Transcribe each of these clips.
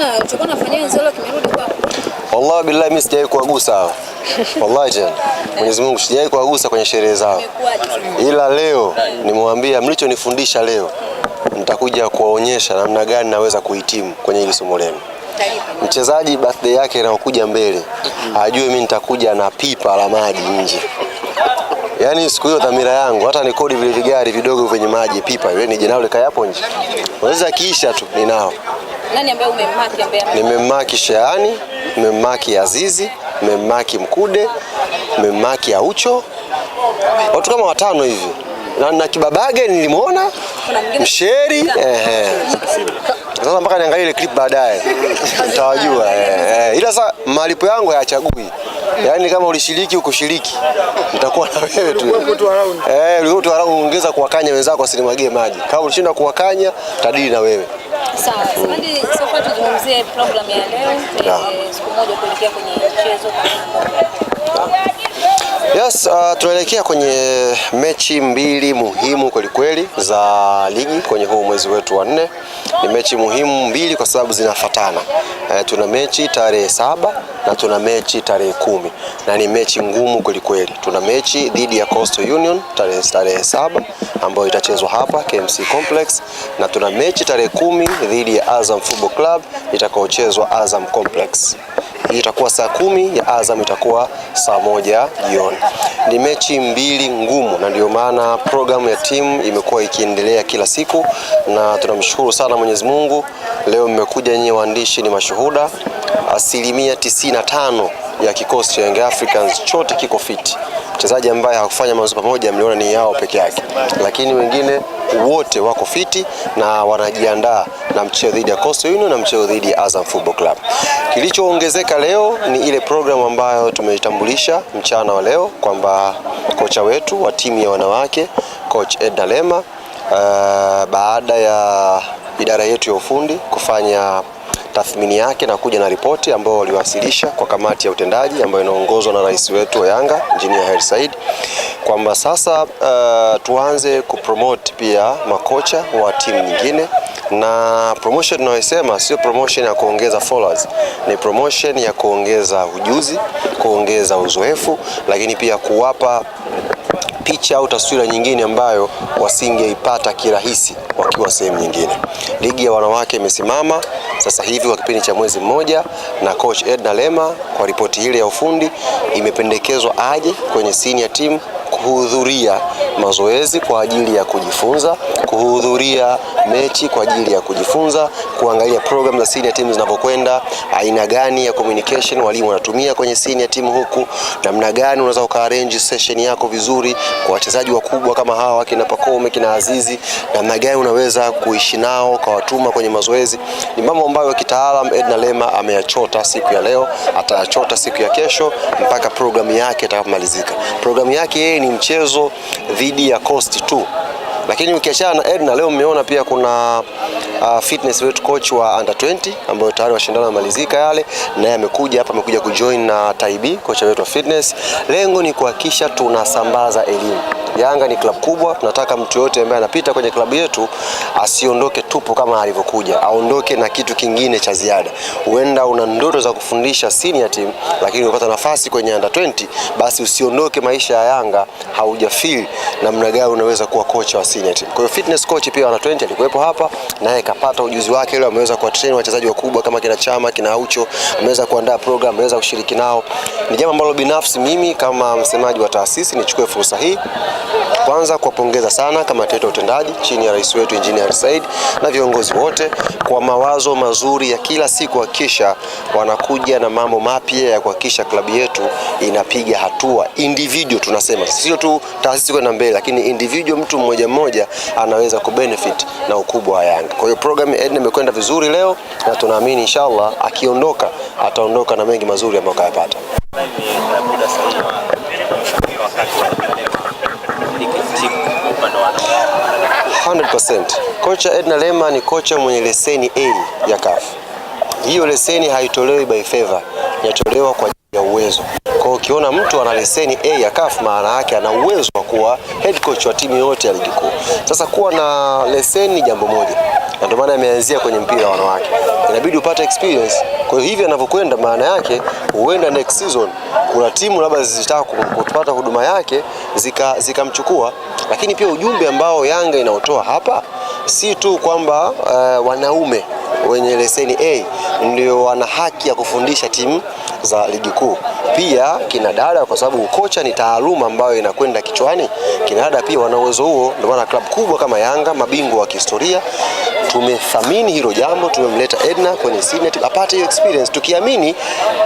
Mbona utakuwa unafanyia nzolo kimerudi kwako? Wallahi billahi mimi sijai kuagusa. hao. Wallahi jana. Mwenyezi Mungu sijai kuagusa kwenye sherehe zao. Ila leo nimwambia mlichonifundisha leo nitakuja kuwaonyesha namna gani naweza kuhitimu kwenye hili somo lenu. Mchezaji birthday yake inayokuja mbele ajue mimi nitakuja na pipa la maji nje. Yaani siku hiyo dhamira yangu hata ni kodi vile vigari vidogo vyenye maji pipa, yeye ni nalo leka hapo nje. Unaweza kiisha tu ninao. Nani ambaye umemmaki ambaye? Nimemmaki Sheani, nimemmaki Azizi, nimemmaki Mkude, nimemmaki Aucho, watu kama watano hivi na, na Kibabage nilimwona Msheri ehe. Sasa mpaka niangalie ile clip baadaye mtawajua eh, ila sasa malipo yangu hayachagui yaani kama ulishiriki ukushiriki nitakuwa na wewe tu. Eh, ungeza kuwakanya wenzako asilimwagie maji. Kama ulishinda kuwakanya tadili na wewe. Sawa, soka tuzungumzie program ya leo, eh, siku moja kuelekea kwenye mchezo. Yes, uh, tunaelekea kwenye mechi mbili muhimu kwelikweli za ligi kwenye huu mwezi wetu wa nne. Ni mechi muhimu mbili kwa sababu zinafatana. Uh, tuna mechi tarehe saba na tuna mechi tarehe kumi na ni mechi ngumu kwelikweli. Tuna mechi dhidi ya Coastal Union tarehe tarehe saba ambayo itachezwa hapa KMC Complex na tuna mechi tarehe kumi dhidi ya Azam Football Club itakayochezwa Azam Complex hii yaani itakuwa saa kumi ya Azam itakuwa saa moja jioni. Ni mechi mbili ngumu, na ndio maana programu ya timu imekuwa ikiendelea kila siku, na tunamshukuru sana Mwenyezi Mungu. Leo mmekuja nyinyi waandishi, ni mashuhuda, asilimia tisini na tano ya kikosi cha Young Africans chote kiko fiti. Mchezaji ambaye hakufanya mazoezi pamoja mliona ni yao peke yake, lakini wengine wote wako fiti na wanajiandaa na mchezo dhidi ya Coastal Union na mchezo dhidi ya Azam Football Club. Kilichoongezeka leo ni ile programu ambayo tumeitambulisha mchana wa leo kwamba kocha wetu wa timu ya wanawake coach Edna Lema uh, baada ya idara yetu ya ufundi kufanya tathmini yake na kuja na ripoti ambayo waliwasilisha kwa kamati ya utendaji ambayo inaongozwa na rais wetu wa Yanga Engineer Hersi Said kwamba sasa uh, tuanze kupromote pia makocha wa timu nyingine na promotion tunayosema sio promotion ya kuongeza followers, ni promotion ya kuongeza ujuzi, kuongeza uzoefu, lakini pia kuwapa picha au taswira nyingine ambayo wasingeipata kirahisi wakiwa sehemu nyingine. Ligi ya wanawake imesimama sasa hivi kwa kipindi cha mwezi mmoja, na coach Edna Lema kwa ripoti ile ya ufundi imependekezwa aje kwenye senior team kuhudhuria mazoezi kwa ajili ya kujifunza, kuhudhuria mechi kwa ajili ya kujifunza, kuangalia program za senior team zinavyokwenda, aina gani ya communication walimu wanatumia kwenye senior team huku, namna gani unaweza ukaarrange session yako vizuri kwa wachezaji wakubwa kama hawa kina Pakome kina Azizi, namna gani unaweza kuishi nao ukawatuma kwenye mazoezi. Ni mambo ambayo kitaalam Edna Lema ameyachota siku ya leo, atayachota siku ya kesho mpaka programu yake itakapomalizika. Programu yake yeye ni mchezo zaidi ya cost tu, lakini ukiachana na Edna, leo mmeona pia kuna uh, fitness wetu coach wa under 20 ambayo tayari washindano yamalizika yale, naye amekuja hapa, amekuja kujoin na uh, Taibi, kocha wetu wa fitness. Lengo ni kuhakikisha tunasambaza elimu Yanga ni klabu kubwa, tunataka mtu yoyote ambaye anapita kwenye klabu yetu asiondoke tupo kama alivyokuja, aondoke na kitu kingine cha ziada. Huenda una ndoto za kufundisha senior team, lakini unapata nafasi kwenye under 20, basi usiondoke. Maisha ya Yanga haujafeel namna gani unaweza kuwa kocha wa senior team. Kwa hiyo fitness coach pia wana 20 alikuwepo hapa naye kapata ujuzi wake ile, ameweza train wachezaji wakubwa kama kina Chama, kina Aucho, ameweza kuandaa program, ameweza kushiriki nao. Ni jambo ambalo binafsi mimi kama msemaji wa taasisi nichukue fursa hii kwanza kuwapongeza sana kamati yetu ya utendaji chini ya rais wetu Engineer Said na viongozi wote kwa mawazo mazuri ya kila siku kuhakikisha wanakuja na mambo mapya ya kuhakikisha klabu yetu inapiga hatua individual, tunasema sio tu taasisi kwenda mbele, lakini individual, mtu mmoja mmoja anaweza kubenefit na ukubwa wa Yanga. Kwa hiyo program imekwenda vizuri leo na tunaamini inshallah akiondoka ataondoka na mengi mazuri ambayo kayapata. 100%. Kocha Edna Lema ni kocha mwenye leseni A ya CAF. Hiyo leseni haitolewi by favor, inatolewa kwa ya uwezo. Kwa hiyo ukiona mtu ana leseni A ya CAF maana yake ana uwezo wa kuwa head coach wa timu yote ya ligi kuu. Sasa kuwa na leseni ni jambo moja, na ndio maana ameanzia kwenye mpira wa wanawake, inabidi upate experience. Kwa hiyo hivi anavyokwenda, maana yake huenda next season kuna timu labda zilitaka kupata huduma yake zikamchukua zika, lakini pia ujumbe ambao Yanga inaotoa hapa si tu kwamba uh, wanaume wenye leseni A ndio wana haki ya kufundisha timu za ligi kuu. Pia kinadada, kwa sababu ukocha ni taaluma ambayo inakwenda kichwani, kinadada pia wana uwezo huo. Ndio maana klabu kubwa kama Yanga, mabingwa wa kihistoria, Tumethamini hilo jambo, tumemleta Edna kwenye Senate apate hiyo experience, tukiamini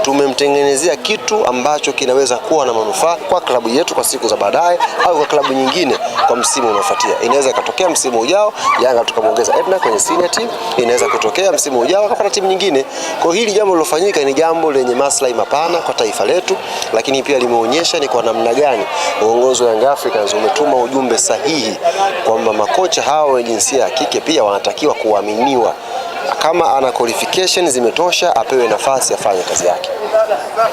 tumemtengenezea kitu ambacho kinaweza kuwa na manufaa kwa klabu yetu kwa siku za baadaye, au kwa klabu nyingine kwa msimu unaofuatia. Inaweza ikatokea msimu ujao Yanga tukamwongeza Edna kwenye Senate, inaweza kutokea msimu ujao akapata timu nyingine. Kwa hili jambo lilofanyika ni jambo lenye maslahi mapana kwa taifa letu, lakini pia limeonyesha ni kwa namna gani uongozi wa Young Africans umetuma ujumbe sahihi kwamba makocha hao wa jinsia ya kike pia wanataka anatakiwa kuaminiwa. Kama ana qualification zimetosha, apewe nafasi afanye kazi yake.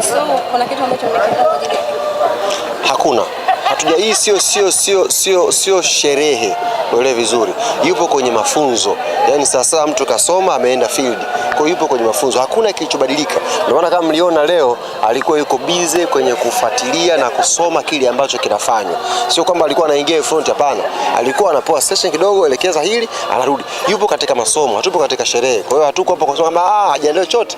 So, kuna kitu ambacho hakuna hatuja hii sio sio sio sio sio sherehe, uelewe vizuri, yupo kwenye mafunzo. Yani sasa mtu kasoma ameenda field, kwa yupo kwenye mafunzo, hakuna kilichobadilika. Ndio maana kama mliona leo alikuwa yuko bize kwenye kufuatilia na kusoma kile ambacho kinafanywa, sio kwamba alikuwa anaingia front, hapana, alikuwa anapoa session kidogo, elekeza hili, anarudi. Yupo katika masomo, hatupo katika sherehe. Kwa hiyo hatuko hapo kwa sababu ah, hajaelewa chochote,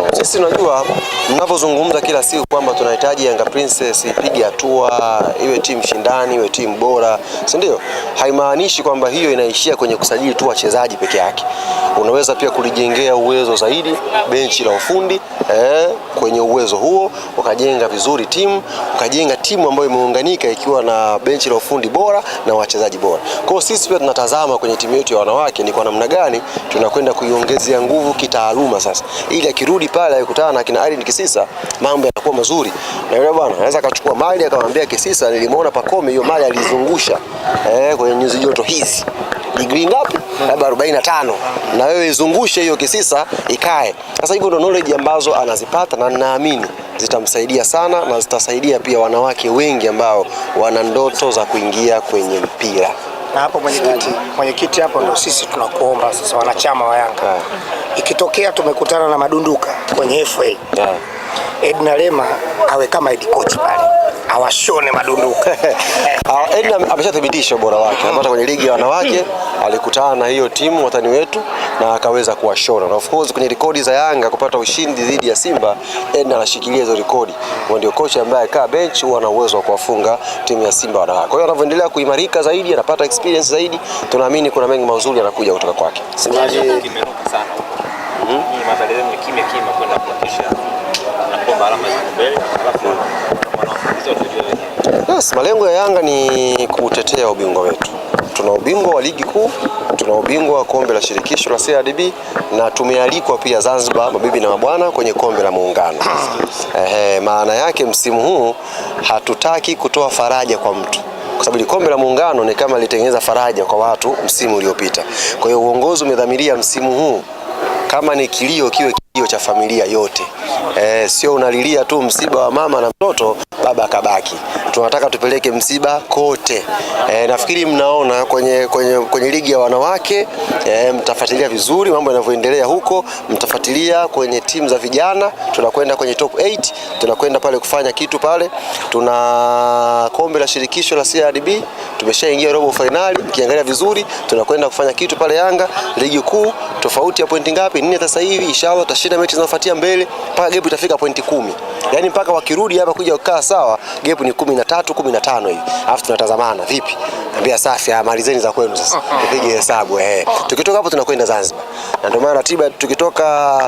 Sisi unajua mnavyozungumza kila siku kwamba tunahitaji Yanga Princess ipige hatua, iwe timu shindani, iwe timu bora, si ndio? Haimaanishi kwamba hiyo inaishia kwenye kusajili tu wachezaji peke yake. Unaweza pia kulijengea uwezo zaidi benchi la ufundi eh, kwenye uwezo huo ukajenga vizuri timu, ukajenga timu ambayo imeunganika ikiwa na benchi la ufundi bora na wachezaji bora. Kwa hiyo sisi pia tunatazama kwenye timu yetu ya wanawake ni kwa namna gani tunakwenda kuiongezea nguvu kitaaluma sasa, ili akirudi pale pale alikutana na kina Irene Kisisa, mambo yanakuwa mazuri. Na yule bwana anaweza akachukua mali akamwambia Kisisa, nilimuona Pacome hiyo mali alizungusha eh, kwenye nyuzi joto hizi degree ngapi? Labda 45. Na wewe izungushe hiyo Kisisa ikae. Sasa hivyo ndo knowledge ambazo anazipata na ninaamini zitamsaidia sana na zitasaidia pia wanawake wengi ambao wana ndoto za kuingia kwenye mpira. Na hapo mwenyekiti, mwenyekiti hapo ndo sisi tunakuomba sasa wanachama wa Yanga ikitokea tumekutana na madunduka kwenye FA yeah. Edna Lema awe kama head coach pale awashone madunduka. Uh, Edna ameshathibitisha ubora wake hata kwenye ligi ya wanawake alikutana na hiyo timu watani wetu na akaweza kuwashona, na of course kwenye rekodi za Yanga kupata ushindi dhidi ya Simba, Edna anashikilia hizo rekodi. ndio kocha ambaye akaa bench huwa ana uwezo wa kuwafunga timu ya Simba wanawake. Kwa hiyo anavyoendelea kuimarika zaidi, anapata experience zaidi, tunaamini kuna mengi mazuri yanakuja kutoka kwake maelezo kimya kimya kwenda kuhakikisha alama za mbele, alafu Yes, malengo ya Yanga ni kutetea ubingwa wetu. Tuna ubingwa wa ligi kuu, tuna ubingwa wa kombe la shirikisho la CRDB na tumealikwa pia Zanzibar, mabibi na mabwana, kwenye kombe la Muungano. Ehe, maana yake msimu huu hatutaki kutoa faraja kwa mtu kwa sababu kombe la Muungano ni kama lilitengeneza faraja kwa watu msimu uliopita. Kwa hiyo uongozi umedhamiria msimu huu kama ni kilio kiwe kilio cha familia yote, e, sio unalilia tu msiba wa mama na mtoto, baba kabaki tunataka tupeleke msiba kote. E, nafikiri mnaona kwenye, kwenye, kwenye ligi ya wanawake e, mtafuatilia vizuri mambo yanavyoendelea huko, mtafuatilia kwenye timu za vijana, tunakwenda kwenye top 8 tunakwenda pale kufanya kitu pale. Tuna kombe la shirikisho la CRDB tumeshaingia robo fainali, ukiangalia vizuri tunakwenda kufanya kitu pale Yanga. Ligi kuu tofauti ya pointi ngapi? Nne sasa hivi, inshallah tutashinda mechi zinazofuatia mbele, mpaka gap itafika pointi kumi, yaani mpaka wakirudi hapa kuja kukaa sawa, gap ni kumi. 13, 15 hivi. Alafu tunatazamana vipi? Naambia safi, amalizeni ah, za kwenu sasa. Tupige hesabu eh. Tukitoka hapo tunakwenda Zanzibar. Na ndio maana ratiba tukitoka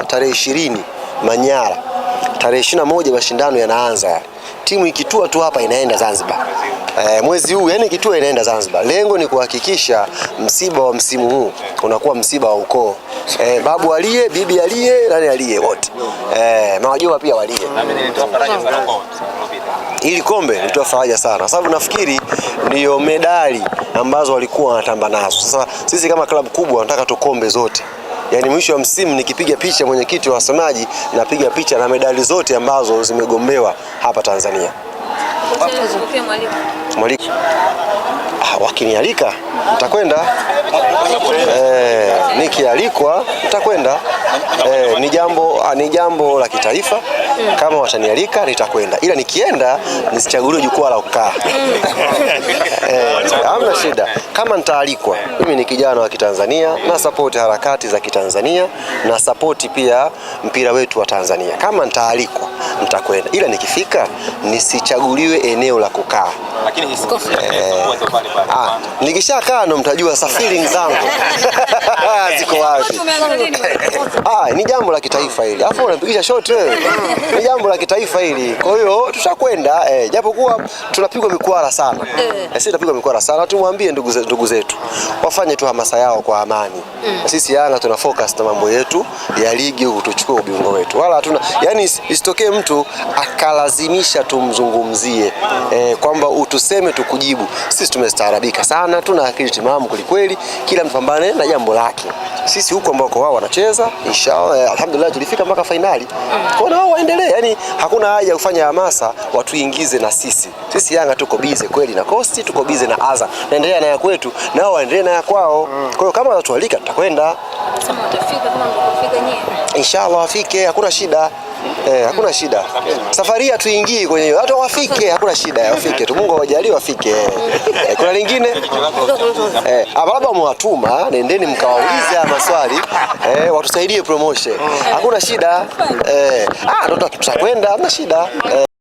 tarehe 20 Manyara, tarehe 21 mashindano yanaanza Timu ikitua tu hapa inaenda Zanzibar. Eh, mwezi huu yani ikitua inaenda Zanzibar. Lengo ni kuhakikisha msiba wa msimu huu unakuwa msiba wa ukoo. Eh, babu alie, bibi alie, nani alie wote. Eh, mawajua pia walie. waliye ili kombe litoa faraja sana, sababu nafikiri ndiyo medali ambazo walikuwa wanatamba nazo. Sasa sisi kama klabu kubwa tunataka tu kombe zote Yaani, mwisho wa msimu nikipiga picha mwenyekiti wa wasemaji, napiga picha na medali zote ambazo zimegombewa hapa Tanzania. Mwalimu ah, wakinialika nitakwenda eh, nikialikwa nitakwenda eh, ni jambo ah, ni jambo la kitaifa. Mm. kama watanialika nitakwenda, ila nikienda nisichaguliwe jukwaa la kukaa. Mm. eh, amna shida kama nitaalikwa. Mimi ni kijana wa Kitanzania na support harakati za Kitanzania na sapoti pia mpira wetu wa Tanzania kama nitaalikwa nitakwenda, ila nikifika nisichaguliwe eneo la kukaa. Eh, eh, ah, nikishakaa ndo mtajua safari zangu ziko wapi. Ah, Ni jambo la kitaifa hili, afu unapigisha shot wewe. Mm. Ni jambo la kitaifa hili, kwa hiyo tutakwenda eh, japokuwa tunapigwa mikwara sana eh, sisi eh, tunapigwa mikwara sana. Tumwambie ndugu zetu ndugu zetu wafanye tu hamasa yao kwa amani. mm. Sisi Yanga tuna focus na mambo yetu ya ligi, huku tuchukue ubingwa wetu, wala hatuna yani isitokee asitokee mtu akalazimisha tumzungumzie e, kwamba utuseme tukujibu. Sisi tumestaarabika sana, tuna akili timamu kwelikweli, kila mpambane na jambo lake. Sisi huko ambako wao wanacheza, inshallah eh, alhamdulillah, tulifika mpaka fainali, kwa nao waendelee. Yani hakuna haja ya kufanya hamasa, watuingize na sisi. Sisi Yanga tuko bize kweli na Coast, tuko bize na Azam, naendelea na ya kwetu, nao waendelee na ya kwao. Kwa hiyo kama watualika, tutakwenda inshallah, wafike, hakuna shida. Eh, hakuna shida. Safari hii tuingii kwenye hiyo. Hata wafike, hakuna shida. Wafike tu. Mungu awajalie wafike. Eh, eh kuna lingine? Eh, labda mwatuma, nendeni mkawauliza maswali. Eh, watusaidie promotion. Hakuna shida. Eh, ah, tutakwenda, hamna shida. Eh.